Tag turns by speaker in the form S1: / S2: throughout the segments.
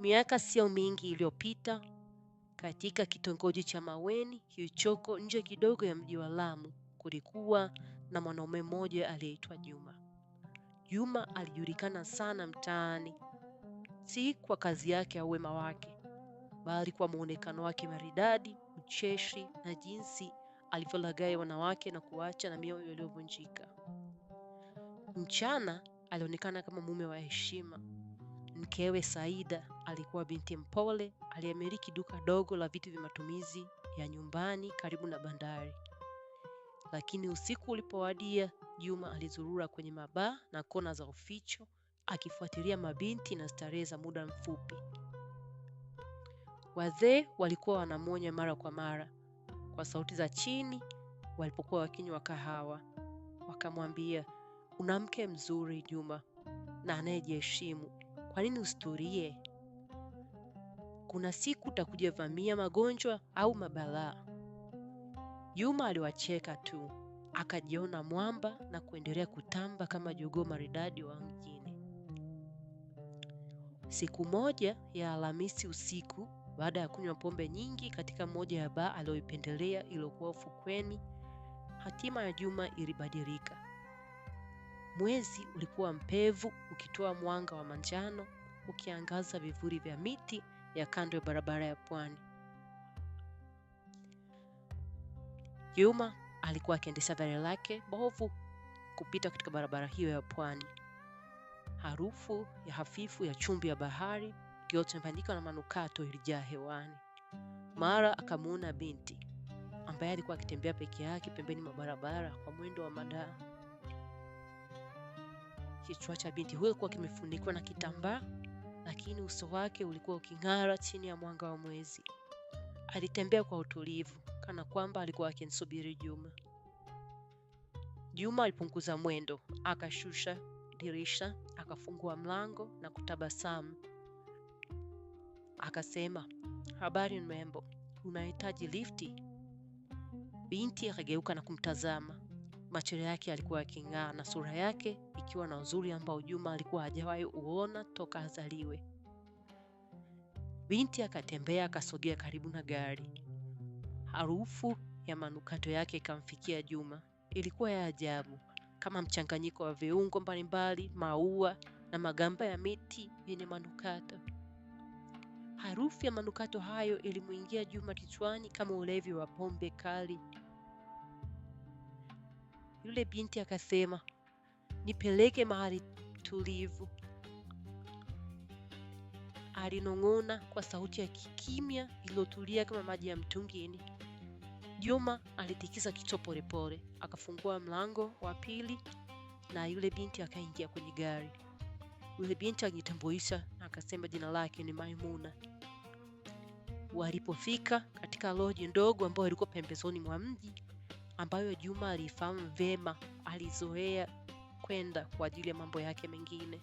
S1: Miaka sio mingi iliyopita, katika kitongoji cha Maweni kilichoko nje kidogo ya mji wa Lamu, kulikuwa na mwanaume mmoja aliyeitwa Juma. Juma alijulikana sana mtaani, si kwa kazi yake au wema wake, bali kwa muonekano wake maridadi, ucheshi na jinsi alivyolagai wanawake na kuacha na mioyo iliyovunjika. Mchana alionekana kama mume wa heshima Mkewe Saida alikuwa binti mpole aliyemiliki duka dogo la vitu vya matumizi ya nyumbani karibu na bandari. Lakini usiku ulipowadia, Juma alizurura kwenye mabaa na kona za uficho akifuatilia mabinti na starehe za muda mfupi. Wazee walikuwa wanamwonya mara kwa mara kwa sauti za chini walipokuwa wakinywa kahawa, wakamwambia una mke mzuri Juma na anayejiheshimu, kwa nini usitulie? Kuna siku takujavamia vamia magonjwa au mabalaa. Juma aliwacheka tu, akajiona mwamba na kuendelea kutamba kama jogoo maridadi wa mjini. Siku moja ya Alhamisi usiku, baada ya kunywa pombe nyingi katika moja ya baa aliyoipendelea iliyokuwa ufukweni, hatima ya Juma ilibadilika. Mwezi ulikuwa mpevu, ukitoa mwanga wa manjano ukiangaza vivuli vya miti ya kando ya barabara ya pwani. Juma alikuwa akiendesha gari lake bovu kupita katika barabara hiyo ya pwani. Harufu ya hafifu ya chumvi ya bahari iliyochanganyika na manukato ilijaa hewani. Mara akamuona binti ambaye alikuwa akitembea peke yake pembeni mwa barabara kwa mwendo wa madaa. Kichwa cha binti huyo kilikuwa kimefunikwa na kitambaa lakini uso wake ulikuwa uking'ara chini ya mwanga wa mwezi. Alitembea kwa utulivu kana kwamba alikuwa akimsubiri Juma. Juma alipunguza mwendo, akashusha dirisha, akafungua mlango na kutabasamu. Akasema, habari mrembo, unahitaji lifti? Binti akageuka na kumtazama. Macho yake yalikuwa yaking'aa na sura yake ikiwa na uzuri ambao Juma alikuwa hajawahi uona toka azaliwe. Binti akatembea akasogea karibu na gari. Harufu ya manukato yake ikamfikia Juma. Ilikuwa ya ajabu, kama mchanganyiko wa viungo mbalimbali, maua na magamba ya miti yenye manukato. Harufu ya manukato hayo ilimwingia Juma kichwani kama ulevi wa pombe kali yule binti akasema, nipeleke mahali tulivu, alinong'ona kwa sauti ya kikimya iliyotulia kama maji ya mtungini. Juma alitikisa kichwa polepole, akafungua mlango wa pili na yule binti akaingia kwenye gari. Yule binti alijitambulisha na akasema jina lake ni Maimuna. Walipofika katika loji ndogo ambayo ilikuwa pembezoni mwa mji, ambayo Juma alifahamu vema alizoea kwenda kwa ajili ya mambo yake mengine.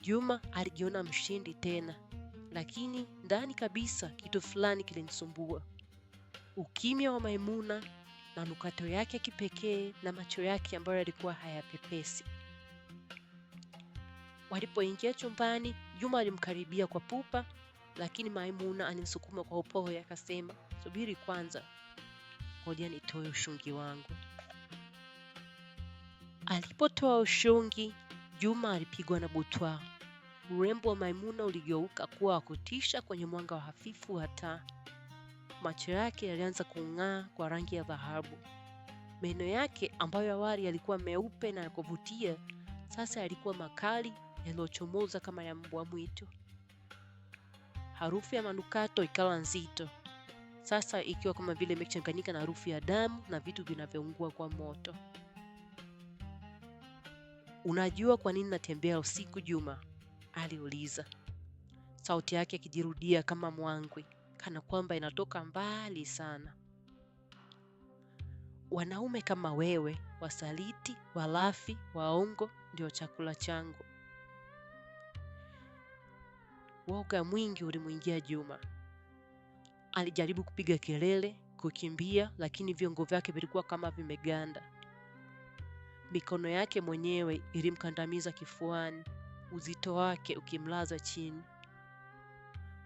S1: Juma alijiona mshindi tena, lakini ndani kabisa kitu fulani kilimsumbua. Ukimya wa Maimuna na nukato yake ya kipekee na macho yake ambayo yalikuwa hayapepesi. Walipoingia chumbani, Juma alimkaribia kwa pupa, lakini Maimuna alimsukuma kwa upole, akasema, subiri kwanza, ngoja nitoe ushungi wangu. Alipotoa ushungi, Juma alipigwa na butwa. Urembo wa Maimuna uligeuka kuwa wa kutisha kwenye mwanga wa hafifu wa taa. Macho yake yalianza kung'aa kwa rangi ya dhahabu. Meno yake ambayo awali yalikuwa meupe na ya kuvutia, sasa yalikuwa makali yaliyochomoza kama ya mbwa mwitu. Harufu ya manukato ikawa nzito sasa ikiwa kama vile imechanganyika na harufu ya damu na vitu vinavyoungua kwa moto. Unajua kwa nini natembea usiku Juma? aliuliza, sauti yake ikijirudia kama mwangwi, kana kwamba inatoka mbali sana. Wanaume kama wewe, wasaliti, walafi, waongo, ndio chakula changu. Woga mwingi ulimwingia Juma Alijaribu kupiga kelele, kukimbia, lakini viungo vyake vilikuwa kama vimeganda. Mikono yake mwenyewe ilimkandamiza kifuani, uzito wake ukimlaza chini.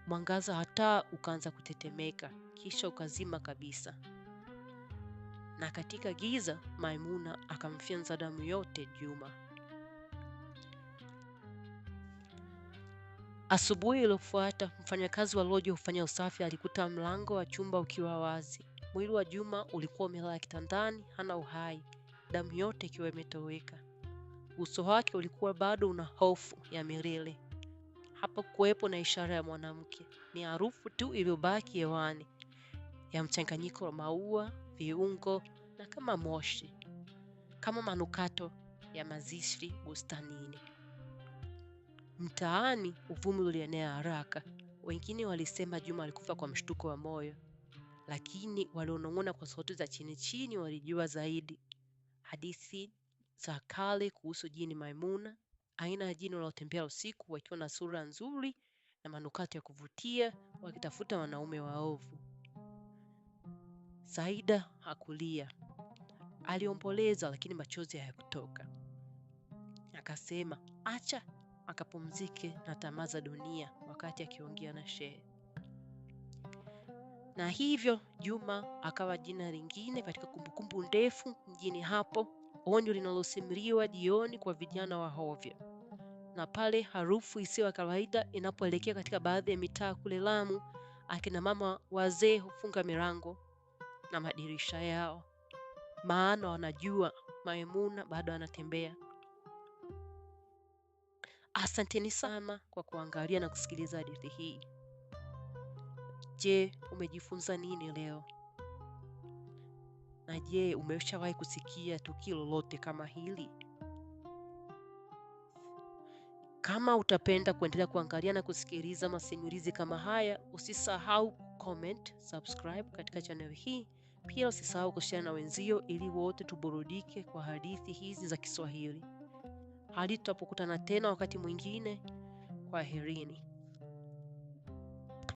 S1: Mwangaza hata ukaanza kutetemeka, kisha ukazima kabisa. Na katika giza, Maimuna akamfyanza damu yote Juma. Asubuhi iliyofuata mfanyakazi wa loji hufanya usafi alikuta mlango wa chumba ukiwa wazi. Mwili wa Juma ulikuwa umelala kitandani, hana uhai, damu yote ikiwa imetoweka. Uso wake ulikuwa bado una hofu ya milele. kuwepo na ishara ya mwanamke, ni harufu tu iliyobaki hewani ya mchanganyiko wa maua, viungo na kama moshi, kama manukato ya mazishi bustanini. Mtaani uvumi ulienea haraka. Wengine walisema Juma alikufa kwa mshtuko wa moyo, lakini walionong'ona kwa sauti za chini chini walijua zaidi hadithi za kale kuhusu jini Maimuna, aina ya jini wanaotembea usiku wakiwa na sura nzuri na manukato ya kuvutia, wakitafuta wanaume waovu. Saida hakulia, aliomboleza, lakini machozi hayakutoka. Akasema, acha akapumzike na tamaa za dunia wakati akiongea na shehe. Na hivyo Juma akawa jina lingine katika kumbukumbu ndefu mjini hapo, onyo linalosimriwa jioni kwa vijana wa hovyo. Na pale harufu isiyo ya kawaida inapoelekea katika baadhi ya mitaa kule Lamu, akina mama wazee hufunga milango na madirisha yao, maana wanajua Maimuna bado anatembea Asanteni sana kwa kuangalia na kusikiliza hadithi hii. Je, umejifunza nini leo? Na je, umeshawahi kusikia tukio lolote kama hili? Kama utapenda kuendelea kuangalia na kusikiliza masimulizi kama haya, usisahau comment, subscribe katika channel hii. Pia usisahau kushare na wenzio ili wote tuburudike kwa hadithi hizi za Kiswahili hadi tena wakati mwingine, kwa herini